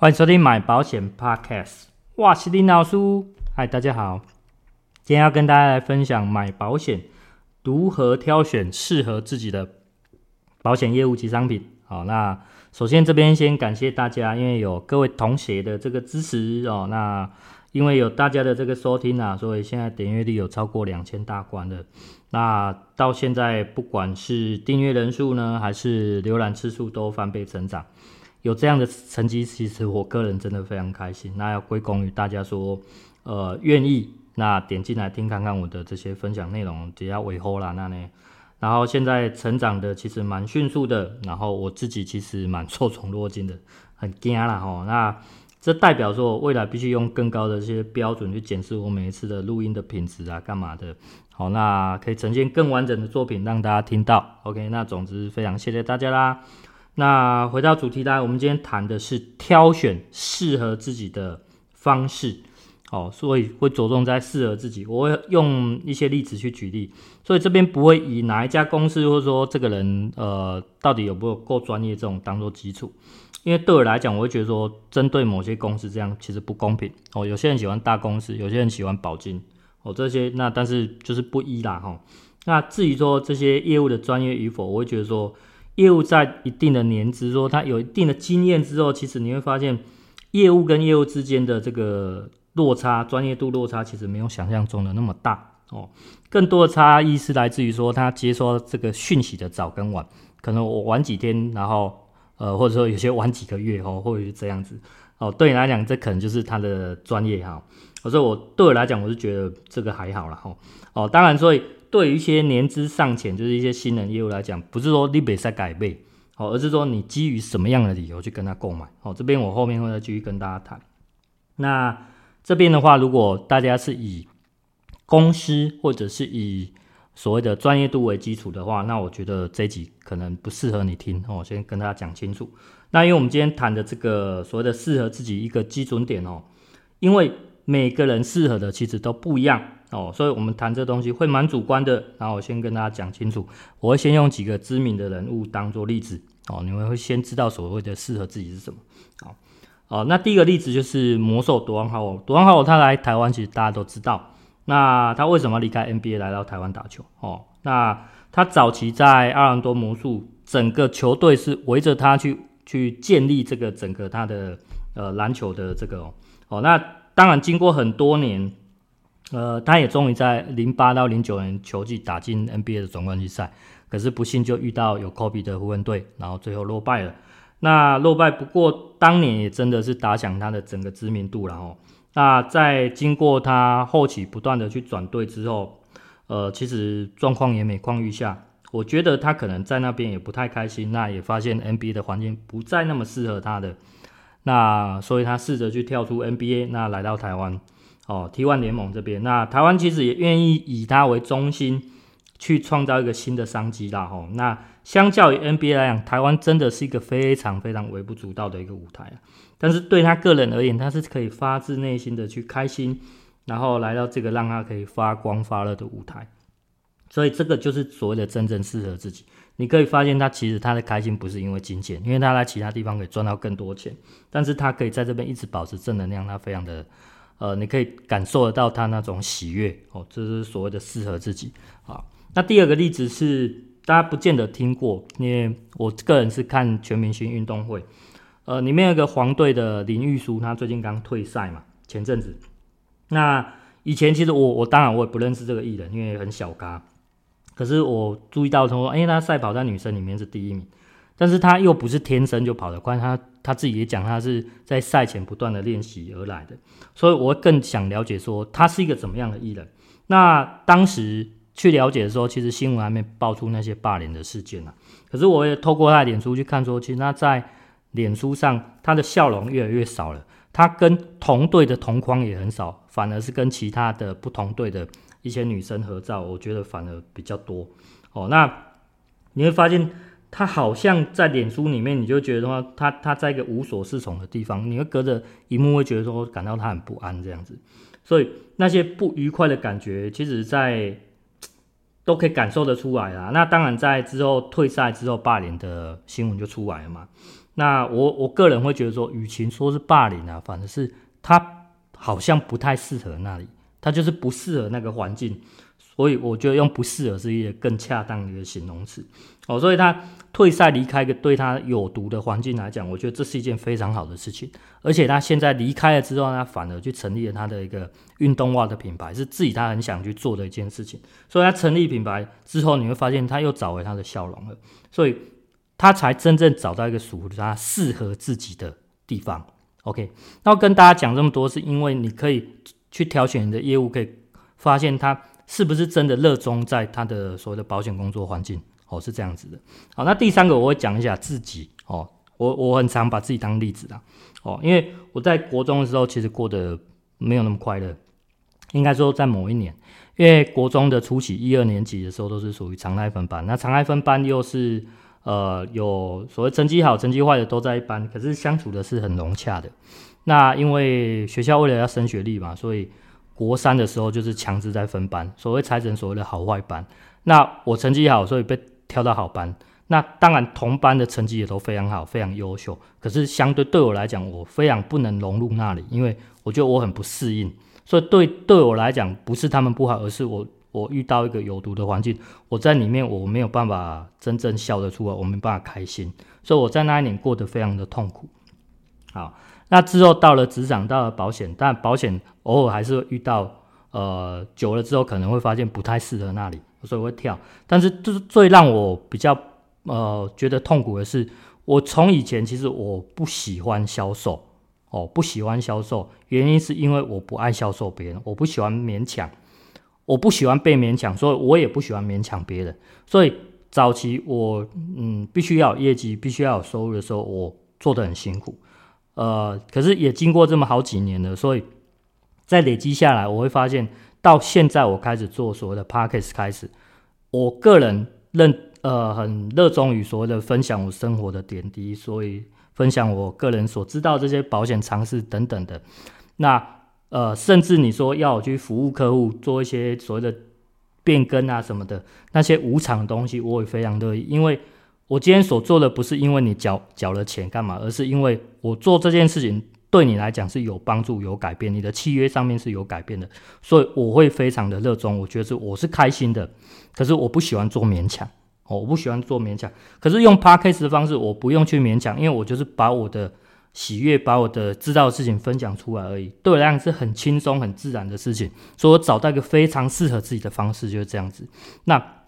歡迎收聽買保險 Podcast，我是林老師。嗨，大家好，今天要跟大家來分享買保險如何挑選適合自己的保險業務及商品。好，那首先這邊先感謝大家，因為有各位同學的這個支持哦。那因為有大家的這個收聽啊，所以現在點閱率有超過兩千大關了。那到現在不管是訂閱人數呢，還是瀏覽次數都翻倍成長。有這樣的成績，其實我個人真的非常開心。那要歸功於大家說，呃，願意那點進來聽看看我的這些分享內容，只下尾吼啦那呢，然後現在成長的其實蠻迅速的，然後我自己其實蠻受寵若驚的，很驚訝啦吼。那這代表說，未來必須用更高的這些標準去檢視我每一次的錄音的品質啊，幹嘛的。好，那可以呈現更完整的作品讓大家聽到。OK，那總之非常謝謝大家啦。那回到主題來，我們今天談的是挑選適合自己的方式，哦，所以會着重在適合自己。我會用一些例子去舉例，所以這邊不會以哪一家公司，或者說這個人，呃，到底有沒有夠專業這種當做基礎，因為對我來講，我會覺得說，針對某些公司這樣其實不公平哦。有些人喜歡大公司，有些人喜歡保經哦，這些那但是就是不一啦哈、哦。那至於說這些業務的專業與否，我會覺得說。業務在一定的年資，說他有一定的經驗之後，其實你會發現，業務跟業務之間的這個落差，專業度落差其實沒有想象中的那麼大哦。更多的差異是來自於說他接收這個訊息的早跟晚，可能我晚幾天，然後呃或者說有些晚幾個月哦，或者是這樣子哦。對你來講，這可能就是他的專業哈。我說我對我來講，我是覺得這個還好啦、哦。哦，當然所以。對於一些年資尚淺，就是一些新人業務來講，不是說你不能買，而是說你基於什麼樣的理由去跟他購買，哦，這邊我後面會再繼續跟大家談。那這邊的話，如果大家是以公司或者是以所謂的專業度為基礎的話，那我覺得這集可能不適合你聽。我先跟大家講清楚。那因為我們今天談的這個所謂的適合自己一個基準點哦，因為每個人適合的其實都不一樣。哦，所以我們談這東西會蠻主觀的，然後我先跟大家講清楚。我會先用幾個知名的人物當做例子，哦，你們會先知道所謂的適合自己是什麼。好、哦，哦，那第一個例子就是魔獸 Dwight Howard，Dwight Howard 他來台灣，其實大家都知道。那他為什麼要離開 NBA 來到台灣打球？哦，那他早期在奧蘭多魔術，整個球隊是圍着他去去建立這個整個他的呃籃球的這個哦，哦，那當然經過很多年。呃，他也終於在零八到零九年球季打進 NBA 的總冠軍賽，可是不幸就遇到有科比的湖人隊，然後最後落敗了。那落敗不過當年也真的是打響他的整個知名度了吼哦。那在經過他後期不斷的去轉隊之後，呃，其實狀況也每況愈下。我覺得他可能在那邊也不太開心，那也發現 NBA 的環境不再那麼適合他的，那所以他試着去跳出 NBA，那來到台灣。哦，T1 聯盟這邊，那台灣其實也願意以他為中心去創造一個新的商機啦。吼，那相較於 NBA 來講，台灣真的是一個非常非常微不足道的一個舞台啊。但是對他個人而言，他是可以發自內心的去開心，然後來到這個讓他可以發光發熱的舞台。所以這個就是所謂的真正適合自己。你可以發現，他其實他的開心不是因為金錢，因為他在其他地方可以賺到更多錢，但是他可以在這邊一直保持正能量，他非常的。呃，你可以感受得到他那種喜悅哦，這是所謂的適合自己啊。那第二個例子是大家不見得聽過，因為我個人是看全明星運動會，呃，裡面有個黃隊的林玉書，他最近剛退賽嘛，前陣子。那以前其實我我當然我也不認識這個藝人，因為很小咖，可是我注意到說，哎，他賽跑在女生裡面是第一名。但是他又不是天生就跑得快，他他自己也講，他是在賽前不斷的練習而來的。所以，我更想了解說他是一個怎麼樣的藝人。那當時去了解的時候，其實新聞還沒爆出那些霸凌的事件呢啊。可是，我也透過他的臉書去看說，其實他在臉書上他的笑容越來越少了，他跟同隊的同框也很少，反而是跟其他的不同隊的一些女生合照，我覺得反而比較多。哦，那你會發現。他好像在臉書裡面，你就覺得他他在一個無所適從的地方，你會隔着螢幕會覺得說，感到他很不安這樣子。所以那些不愉快的感覺，其實在都可以感受得出來啊。那當然，在之後退賽之後，霸凌的新聞就出來了嘛。那我我個人會覺得說，與其說是霸凌啊，反正是他好像不太適合那裡，他就是不適合那個環境。所以我覺得用不適合是一個更恰當的一個形容詞哦。所以他退賽離開一個對他有毒的環境來講，我覺得這是一件非常好的事情。而且他現在離開了之後，他反而去成立了他的一個運動襪的品牌，是自己他很想去做的一件事情。所以他成立品牌之後，你會發現他又找回他的笑容了。所以他才真正找到一個屬於他適合自己的地方。OK，那我跟大家講這麼多，是因為你可以去挑選你的業務，可以發現他。是不是真的熱衷在他的所謂的保險工作環境哦？是這樣子的。好，那第三個我會講一下自己哦，我我很常把自己當例子啦哦，因為我在國中的時候其實過得沒有那麼快樂，應該說在某一年，因為國中的初期一二年級的時候都是屬於常態分班，那常態分班又是呃有所謂成績好成績壞的都在一班，可是相處的是很融洽的。那因為學校為了要升學率嘛，所以。國三的時候就是強制在分班，所謂拆成所謂的好壞班。那我成績好，所以被挑到好班。那當然同班的成績也都非常好，非常優秀。可是相對對我來講，我非常不能融入那裡，因為我覺得我很不適應。所以對對我來講，不是他們不好，而是我我遇到一個有毒的環境。我在裡面我沒有辦法真正笑得出來，我沒辦法開心。所以我在那一年過得非常的痛苦。好。那之後到了職掌到了保險，但保險偶爾還是會遇到，呃，久了之後可能會發現不太適合那裡，所以會跳。但是是最讓我比較呃覺得痛苦的是，我從以前其實我不喜歡銷售哦，不喜歡銷售，原因是因為我不愛銷售別人，我不喜歡勉強，我不喜歡被勉強，所以我也不喜歡勉強別人。所以早期我嗯，必須要有業績，必須要有收入的時候，我做得很辛苦。呃，可是也經過這麼好幾年了，所以在累積下來，我會發現到現在我開始做所謂的 podcast 開始，我個人認呃很熱衷於所謂的分享我生活的點滴，所以分享我個人所知道這些保險常識等等的，那呃，甚至你說要我去服務客戶做一些所謂的變更啊什麼的那些無償的東西，我也非常樂意，因為。我今天所做的不是因為你繳繳了錢幹嘛，而是因為我做這件事情對你來講是有幫助、有改變，你的契約上面是有改變的，所以我會非常的熱衷，我覺得是我是開心的。可是我不喜歡做勉強，哦，我不喜歡做勉強。可是用 Podcast 的方式，我不用去勉強，因為我就是把我的喜悅、把我的知道的事情分享出來而已，對我來講是很輕鬆、很自然的事情。所以我找到一個非常適合自己的方式，就是這樣子。那。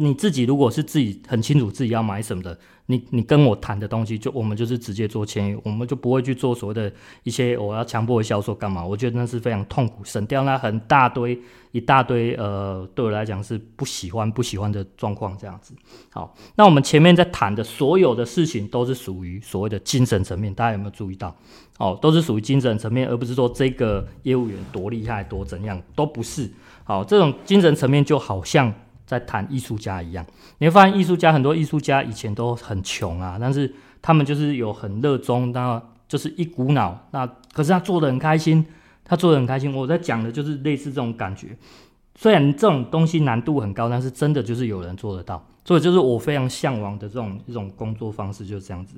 你自己如果是自己很清楚自己要買什麼的，你你跟我談的東西就，就我們就是直接做簽約，我們就不會去做所謂的一些我、哦、要強迫的銷售幹嘛，我覺得那是非常痛苦，省掉那很大堆一大堆呃，對我來講是不喜歡不喜歡的狀況這樣子。好，那我們前面在談的所有的事情都是屬於所謂的精神層面，大家有沒有注意到？哦，都是屬於精神層面，而不是說這個業務員多厲害多怎樣，都不是。好，這種精神層面就好像。在談藝術家一樣，你會發現藝術家很多，藝術家以前都很窮啊，但是他們就是有很熱衷，那就是一股腦，那可是他做得很開心，他做得很開心。我在講的就是類似這種感覺，雖然這種東西難度很高，但是真的就是有人做得到，所以就是我非常向往的這種這種工作方式，就是這樣子。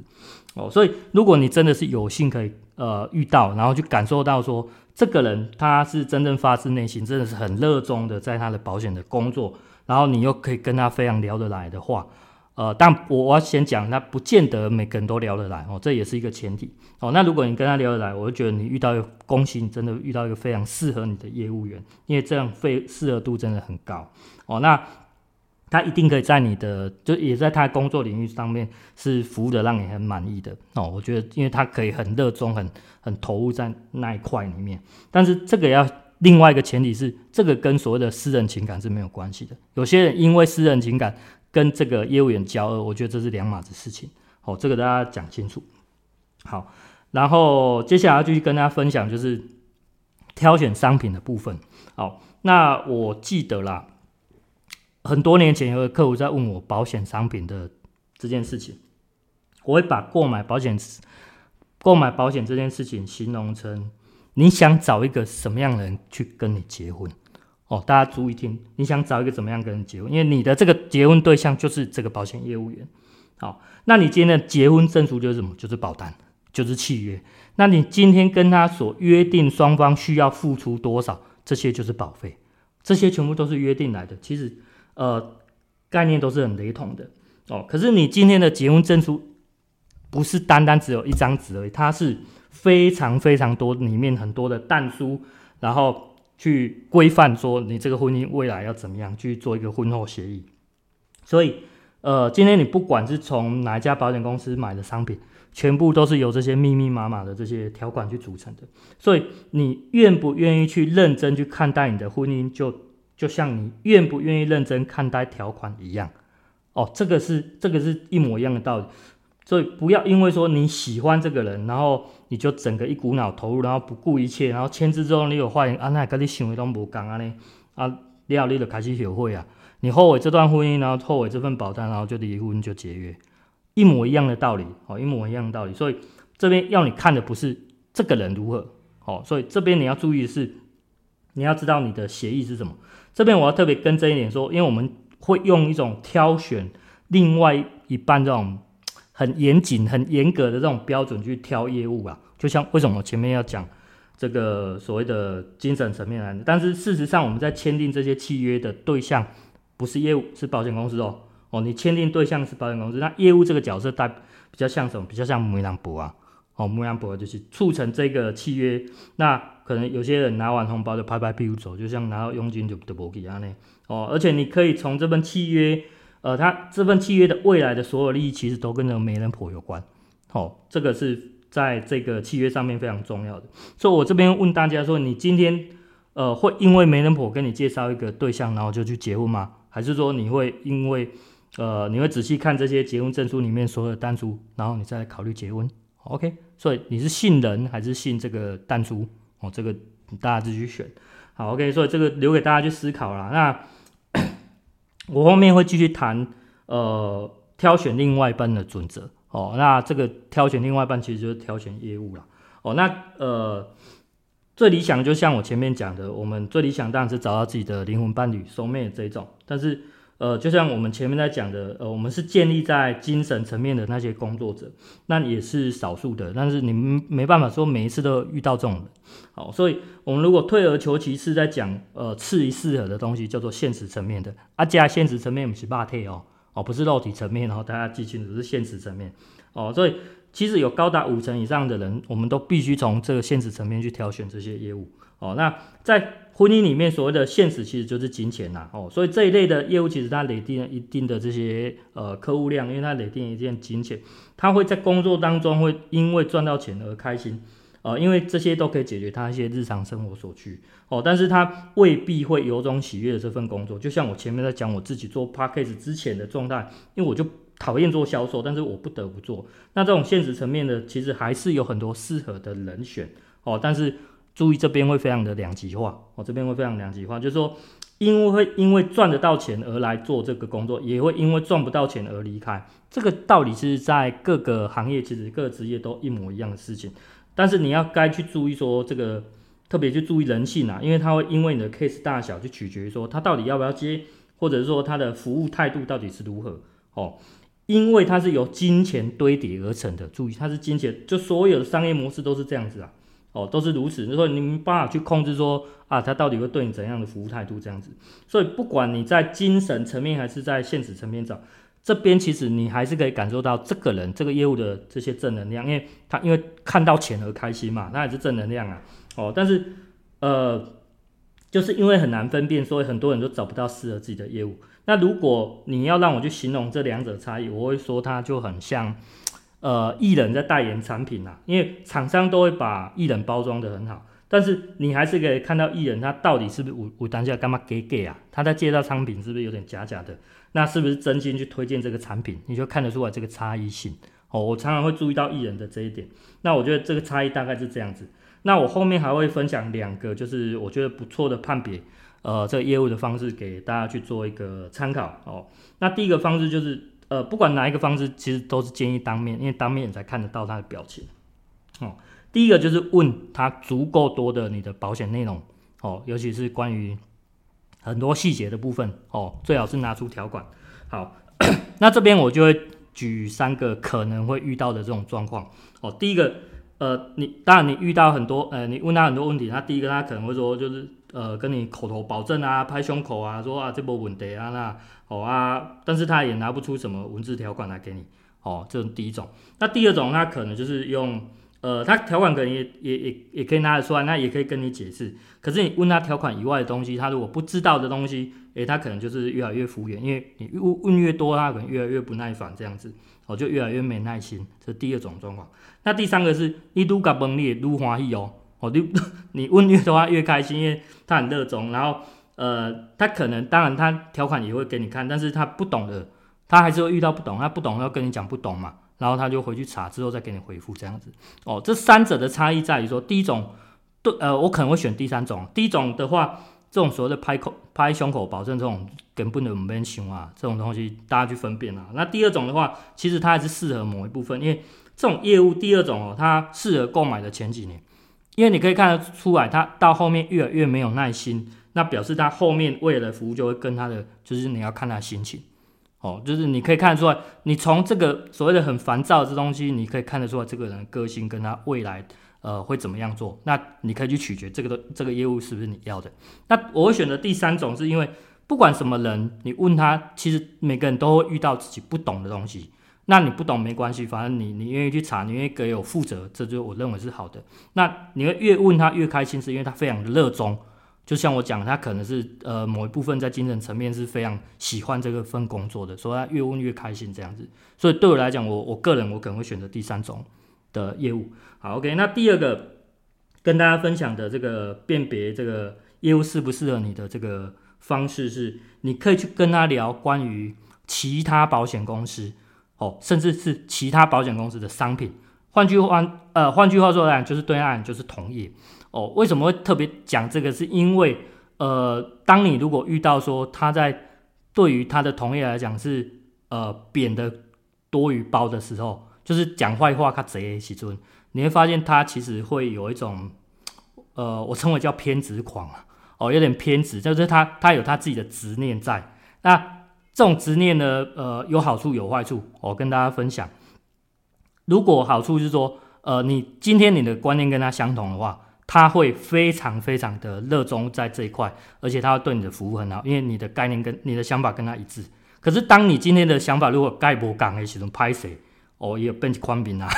哦，所以如果你真的是有幸可以呃遇到，然後去感受到說，這個人他是真正發自內心，真的是很熱衷的，在他的保險的工作，然後你又可以跟他非常聊得來的話，呃，但我我要先講，那不見得每個人都聊得來哦，這也是一個前提哦。那如果你跟他聊得來，我就覺得你遇到一個恭喜你，真的遇到一個非常適合你的業務員，因為這樣非適合度真的很高哦。那他一定可以在你的就也在他的工作領域上面是服務的讓你很滿意的哦。我覺得，因為他可以很熱衷、很很投入在那一塊裡面，但是這個要。另外一個前提是，這個跟所謂的私人情感是沒有關係的。有些人因為私人情感跟這個業務員交惡，我覺得這是兩碼子事情。好，這個大家講清楚。好，然後接下來要繼續跟大家分享，就是挑選商品的部分。好，那我記得啦，很多年前有個客戶在問我保險商品的這件事情，我會把購買保險、購買保險這件事情形容成。你想找一個什麼樣的人去跟你結婚？哦，大家注意聽，你想找一個怎麼樣的人結婚？因為你的這個結婚對象就是這個保險業務員，好，哦，那你今天的結婚證書就是什麼？就是保單，就是契約。那你今天跟他所約定雙方需要付出多少？這些就是保費，這些全部都是約定來的。其實，呃，概念都是很雷同的哦。可是你今天的結婚證書不是單單只有一張紙而已，它是。非常非常多裡面很多的但書，然後去規範說你這個婚姻未來要怎麼樣去做一個婚後協議。所以，呃，今天你不管是從哪一家保險公司買的商品，全部都是由這些密密麻麻的這些條款去組成的。所以，你願不願意去認真去看待你的婚姻，就就像你願不願意認真看待條款一樣。哦，這個是這個是一模一樣的道理。所以不要因為說你喜歡這個人，然後你就整個一股腦投入，然後不顧一切，然後簽字之後你有懷疑，那、啊、跟你想的都不一樣嘞，啊，你好，你得開始學會啊，你後悔這段婚姻，然後後悔這份保單，然後就離婚就解約，一模一樣的道理哦，一模一樣的道理。所以這邊要你看的不是這個人如何，哦，所以這邊你要注意的是，你要知道你的協議是什麼。這邊我要特別更正一點說，因為我們會用一種挑選另外一半這種。很嚴謹、很嚴格的這種標準去挑業務啊，就像為什麼我前面要講這個所謂的精神層面來？但是事實上，我們在簽訂這些契約的對象不是業務，是保險公司哦。哦，你簽訂對象是保險公司，那業務這個角色大比較像什麼？比較像媒人婆啊。哦，媒人婆就是促成這個契約。那可能有些人拿完紅包就拍拍屁股走，就像拿到佣金就不就跑一樣呢。哦，而且你可以從這份契約。呃，他這份契約的未來的所有利益，其實都跟那個媒人婆有關，哦，這個是在這個契約上面非常重要的。所以我這邊問大家說，你今天呃會因為媒人婆跟你介紹一個對象，然後就去結婚嗎？還是說你會因為呃你會仔細看這些結婚證書裡面所有的單珠，然後你再考慮結婚？OK，所以你是信人還是信這個單珠？哦，這個大家自己去選。好，OK，所以這個留給大家去思考了。那。我後面會繼續談，呃，挑選另外一半的準則哦。那這個挑選另外一半，其實就是挑選業務啦。哦。那呃，最理想的就像我前面講的，我們最理想當然是找到自己的靈魂伴侶，soul mate 這一種。但是，呃，就像我們前面在講的，呃，我們是建立在精神層面的那些工作者，那也是少數的。但是你們沒辦法說每一次都遇到這種的，好，所以我們如果退而求其次，在講呃次一適合的東西，叫做現實層面的。阿加現實層面我們是罷貼哦，哦，不是肉體層面，哦，然後大家記清楚是現實層面哦。所以其實有高達五成以上的人，我們都必須從這個現實層面去挑選這些業務哦。那在。婚姻裡面所謂的現實，其實就是金錢吶、啊，哦，所以這一類的業務，其實它累積了一定的這些呃客戶量，因為它累積了一定的金錢，他會在工作當中會因為賺到錢而開心，啊、呃，因為這些都可以解決他一些日常生活所需，哦，但是他未必會由衷喜悅的這份工作，就像我前面在講我自己做 Podcast 之前的狀態，因為我就討厭做銷售，但是我不得不做，那這種現實層面的，其實還是有很多適合的人選，哦，但是。注意，這邊會非常的兩極化。哦，這邊會非常兩極化，就是說，因為會因為賺得到錢而來做這個工作，也會因為賺不到錢而離開。這個道理是在各個行業，其實各個職業都一模一樣的事情。但是你要該去注意說，這個特別去注意人性啊，因為他會因為你的 case 大小就取決於說他到底要不要接，或者是說他的服務態度到底是如何哦，因為它是由金錢堆疊而成的。注意，它是金錢，就所有的商業模式都是這樣子啊。哦，都是如此，就是說你沒辦法去控制說啊，他到底會對你怎樣的服務態度這樣子。所以不管你在精神層面還是在現實層面找，找這邊其實你還是可以感受到這個人、這個業務的這些正能量，因為他因為看到錢而開心嘛，他也是正能量啊。哦，但是呃，就是因為很難分辨，所以很多人都找不到適合自己的業務。那如果你要讓我去形容這兩者差異，我會說它就很像。呃，藝人在代言產品啦、啊，因為廠商都會把藝人包裝得很好，但是你還是可以看到藝人他到底是不是五五單下幹嘛給給啊？他在介紹商品是不是有點假假的？那是不是真心去推薦這個產品？你就看得出來這個差異性哦。我常常會注意到藝人的這一點。那我覺得這個差異大概是這樣子。那我後面還會分享兩個，就是我覺得不錯的判別，呃，這個業務的方式給大家去做一個參考哦。那第一個方式就是。呃，不管哪一個方式，其實都是建議當面，因為當面你才看得到他的表情。哦，第一個就是問他足夠多的你的保險內容，哦，尤其是關於很多細節的部分，哦，最好是拿出條款。好， 那這邊我就會舉三個可能會遇到的這種狀況。哦，第一個，呃，你當然你遇到很多，呃，你問他很多問題，他第一個他可能會說就是。呃，跟你口頭保證啊，拍胸口啊，說啊，這沒問題啊，那、哦、好啊，但是他也拿不出什麼文字條款來給你，哦，這是第一種。那第二種，他可能就是用，呃，他條款可能也也也也可以拿得出來，那也可以跟你解釋。可是你問他條款以外的東西，他如果不知道的東西，誒他可能就是越來越敷衍，因為你越問越多，他可能越來越不耐煩這樣子，哦，就越來越沒耐心。這是第二種狀況。那第三個是，你愈甲崩裂愈歡喜哦。哦，你你問越多他越開心，因為他很熱衷。然後，呃，他可能當然他條款也會給你看，但是他不懂的，他還是會遇到不懂，他不懂要跟你講不懂嘛，然後他就回去查之後再給你回復這樣子。哦，這三者的差異在於說，第一種，對，呃，我可能會選第三種。第一種的話，這種所謂的拍口拍胸口保證這種根本就不用想啊，這種東西大家去分辨啊。那第二種的話，其實它還是適合某一部分，因為這種業務第二種哦，它適合購買的前幾年。因為你可以看得出來，他到後面越來越沒有耐心，那表示他後面為了服務就會跟他的，就是你要看他心情，哦，就是你可以看得出來，你從這個所謂的很煩躁的這東西，你可以看得出來這個人的個性跟他未來，呃，會怎麼樣做，那你可以去取決這個這個業務是不是你要的。那我選擇第三種是因為，不管什麼人，你問他，其實每個人都會遇到自己不懂的東西。那你不懂沒關係，反正你你願意去查，你願意給我負責，這就我認為是好的。那你會越問他越開心，是因為他非常的熱衷。就像我講，他可能是呃某一部分在精神層面是非常喜歡這個份工作的，所以他越問越開心這樣子。所以對我來講，我我個人我可能會選擇第三種的業務。好，OK。那第二個跟大家分享的這個辨別這個業務適不適合你的這個方式是，你可以去跟他聊關於其他保險公司。哦，甚至是其他保險公司的商品。換句話，呃，換句話說來講，就是對岸就是同業。哦，為什麼會特別講這個是？是因為，呃，當你如果遇到說他在對於他的同業來講是呃貶的多於褒的時候，就是講壞話，他賊喜歡，你會發現他其實會有一種，呃，我稱為叫偏執狂啊。哦，有點偏執，就是他他有他自己的執念在。那。這種執念呢，呃，有好處有壞處。我、哦、跟大家分享，如果好處是說，呃，你今天你的觀念跟他相同的話，他會非常非常的熱衷在這一塊，而且他會對你的服務很好，因為你的概念跟你的想法跟他一致。可是，當你今天的想法如果蓋不敢的時候，拍謝，哦，一個 bench 寬餅啊，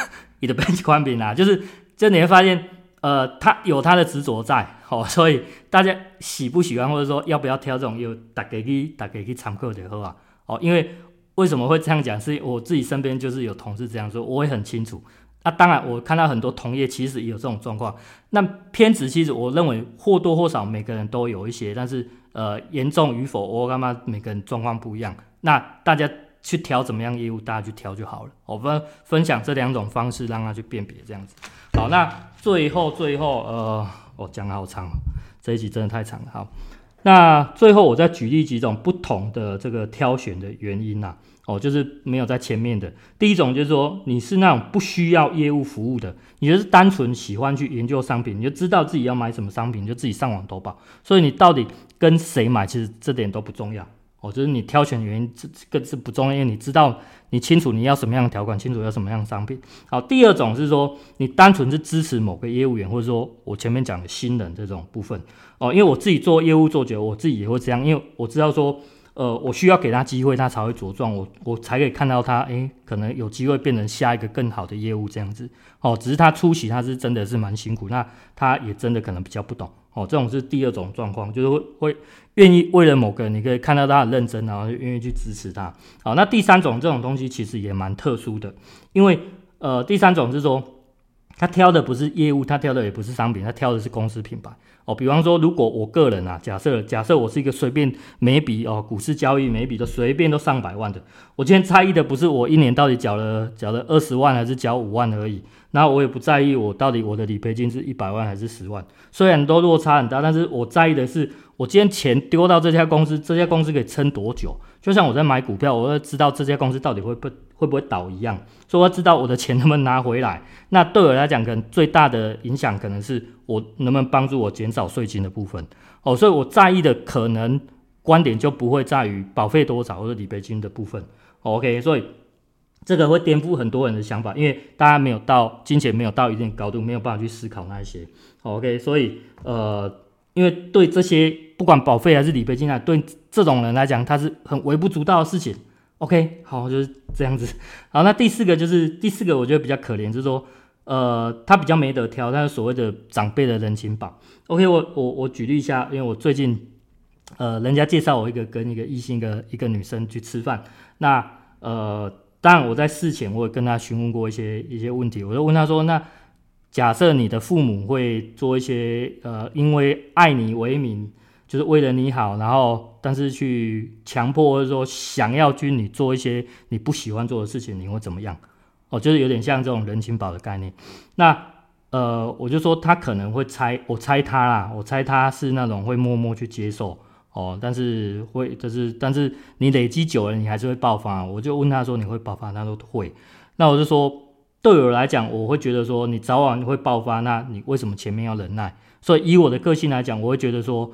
一個 bench 寬餅啊，就是這你會發現。呃，他有他的執着在，哦，所以大家喜不喜歡，或者說要不要挑這種有大家去大家去參考就好啊。哦，因為為什麼會這樣講，是我自己身邊就是有同事這樣說，我也很清楚。那、啊、當然，我看到很多同業其實也有這種狀況。那偏執，其實我認為或多或少每個人都有一些，但是呃，嚴重與否，我幹嘛每個人狀況不一樣。那大家。去挑怎麼樣的業務，大家去挑就好了。我分分享這兩種方式，讓他去辨別這樣子。好，那最後最後，呃，我、哦、講得好長，這一集真的太長了。好，那最後我再舉例幾種不同的這個挑選的原因吶、啊。哦，就是沒有在前面的。第一種就是說，你是那種不需要業務服務的，你就是單純喜歡去研究商品，你就知道自己要買什麼商品，你就自己上網投保。所以你到底跟誰買，其實這點都不重要。哦，就是你挑選原因這這個是不重要，因為你知道，你清楚你要什麼樣的條款，清楚要什麼樣的商品。好，第二種是說你單純是支持某個業務員，或者說我前面講的新人這種部分。哦，因為我自己做業務做久，我自己也會這樣，因為我知道說，呃，我需要給他機會，他才會茁壯，我我才可以看到他，哎、欸，可能有機會變成下一個更好的業務這樣子。哦，只是他出席他是真的是蠻辛苦，那他也真的可能比較不懂。哦，這種是第二種狀況，就是會會願意為了某個人，你可以看到他很認真，然後就願意去支持他。好，那第三種這種東西其實也蠻特殊的，因為呃，第三種是說他挑的不是業務，他挑的也不是商品，他挑的是公司品牌。哦，比方說，如果我個人啊，假設假設我是一個隨便每筆哦股市交易每筆都隨便都上百萬的，我今天在意的不是我一年到底繳了繳了二十萬還是繳五萬而已，那我也不在意我到底我的理賠金是一百萬還是十萬，雖然都落差很大，但是我在意的是我今天錢丟到這家公司，這家公司可以撐多久？就像我在買股票，我要知道這家公司到底會不會不會倒一樣，所以我知道我的錢能不能拿回來。那對我來講，可能最大的影響可能是我能不能幫助我減少稅金的部分。哦，所以我在意的可能觀點就不會在於保費多少或者理賠金的部分。哦，OK，所以這個會顛覆很多人的想法，因為大家沒有到金錢沒有到一定高度，沒有辦法去思考那一些。哦，OK，所以呃。因為對這些不管保費還是理賠金啊，對這種人來講，他是很微不足道的事情。OK，好，就是這樣子。好，那第四個就是第四個，我覺得比較可憐，就是說，呃，他比較沒得挑，他是所謂的長輩的人情保。OK，我我我舉例一下，因為我最近，呃，人家介紹我一個跟一個異性的一,一個女生去吃飯，那呃，當然我在事前我也跟她詢問過一些一些問題，我就問她說，那。假設你的父母會做一些，呃，因為愛你為名，就是為了你好，然後但是去強迫，或者說想要去你做一些你不喜歡做的事情，你會怎麼樣？哦，就是有點像這種人情寶的概念。那，呃，我就說他可能會猜，我猜他啦，我猜他是那種會默默去接受，哦，但是會，就是但是你累積久了，你還是會爆發。我就問他說你會爆發，他說會。那我就說。對我來講，我會覺得說你早晚會爆發，那你為什麼前面要忍耐？所以以我的個性來講，我會覺得說，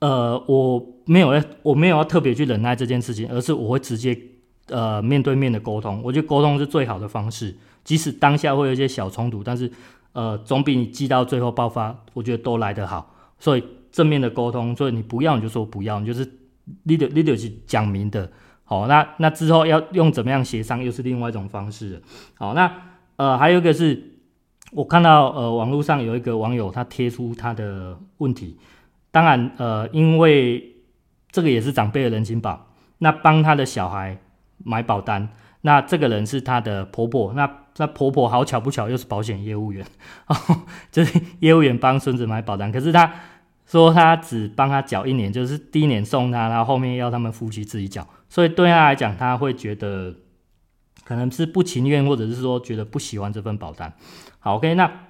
呃，我沒有，我沒有要特別去忍耐這件事情，而是我會直接呃面對面的溝通。我覺得溝通是最好的方式，即使當下會有一些小衝突，但是呃總比你積到最後爆發，我覺得都來得好。所以正面的溝通，所以你不要你就說不要，你就是你得你得去講明的。好，那那之後要用怎麼樣協商，又是另外一種方式。好，那呃，還有一個是，我看到呃，網絡上有一個網友，他貼出他的問題。當然，呃，因為這個也是長輩的人情保，那幫他的小孩買保單。那這個人是他的婆婆，那那婆婆好巧不巧又是保險業務員， 就是業務員幫孫子買保單，可是他說他只幫他繳一年，就是第一年送他，然後後面要他們夫妻自己繳。所以對他來講，他會覺得可能是不情願，或者是說覺得不喜歡這份保單。好，OK，那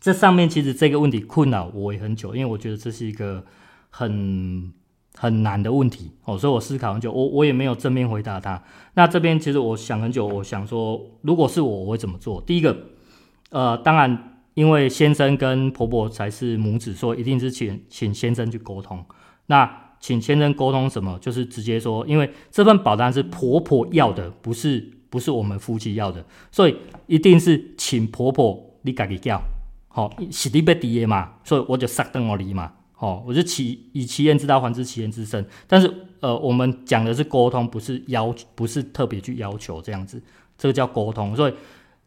這上面其實這個問題困擾我也很久，因為我覺得這是一個很很難的問題哦，所以我思考很久，我我也沒有正面回答他。那這邊其實我想很久，我想說，如果是我，我會怎麼做？第一個，呃，當然，因為先生跟婆婆才是母子，所以一定是請請先生去溝通。那請先生溝通什麼？就是直接說，因為這份保單是婆婆要的，不是不是我們夫妻要的，所以一定是請婆婆你自己繳好，哦，是你被提的嘛，所以我就殺等我離嘛。好，哦，我就其以其人之道還治其人之身。但是呃，我們講的是溝通，不是要不是特別去要求這樣子，這個叫溝通。所以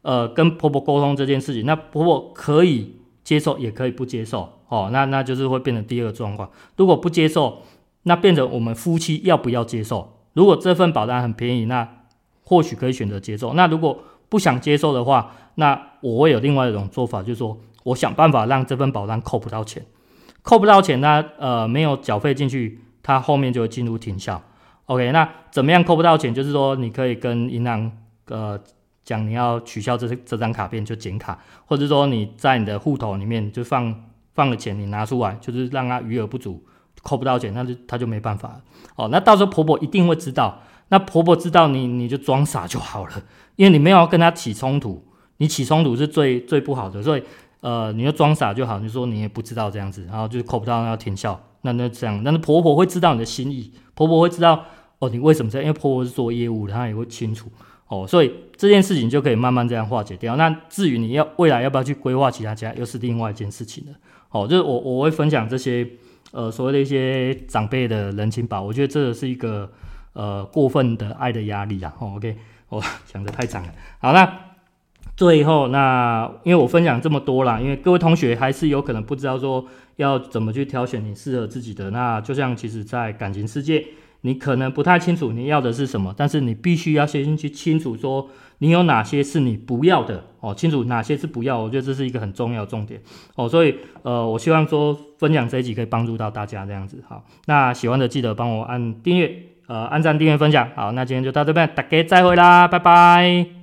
呃，跟婆婆溝通這件事情，那婆婆可以接受，也可以不接受。哦，那那就是會變成第二個狀況。如果不接受。那變成我們夫妻要不要接受？如果這份保單很便宜，那或許可以選擇接受。那如果不想接受的話，那我會有另外一種做法，就是說我想辦法讓這份保單扣不到錢。扣不到錢，那呃沒有繳費進去，它後面就會進入停效。OK，那怎麼樣扣不到錢？就是說你可以跟銀行呃講你要取消這這張卡片，就剪卡，或者說你在你的戶頭裡面就放放了錢，你拿出來，就是讓它餘額不足。扣不到錢，那就他就沒辦法了哦。那到時候婆婆一定會知道，那婆婆知道你，你就裝傻就好了，因為你沒有要跟他起衝突，你起衝突是最最不好的。所以，呃，你要裝傻就好，你說你也不知道這樣子，然後就是扣不到要停效，那那這樣，但是婆婆會知道你的心意，婆婆會知道哦，你為什麼這樣？因為婆婆是做業務，她也會清楚哦。所以這件事情就可以慢慢這樣化解掉。那至於你要未來要不要去規劃其他家，又是另外一件事情了。哦，就是我我會分享這些。呃，所謂的一些長輩的人情保，我覺得這是一個呃過分的愛的壓力啊。哦、OK，我講得太長了。好，那最後那因為我分享這麼多了，因為各位同學還是有可能不知道說要怎麼去挑選你適合自己的。那就像其實，在感情世界，你可能不太清楚你要的是什麼，但是你必須要先去清楚說。你有哪些是你不要的哦？清楚哪些是不要，我覺得這是一個很重要的重點哦。所以呃，我希望說分享這一集可以幫助到大家這樣子。好，那喜歡的記得幫我按訂閱，呃，按讚、訂閱、分享。好，那今天就到這邊，大家再會啦，拜拜。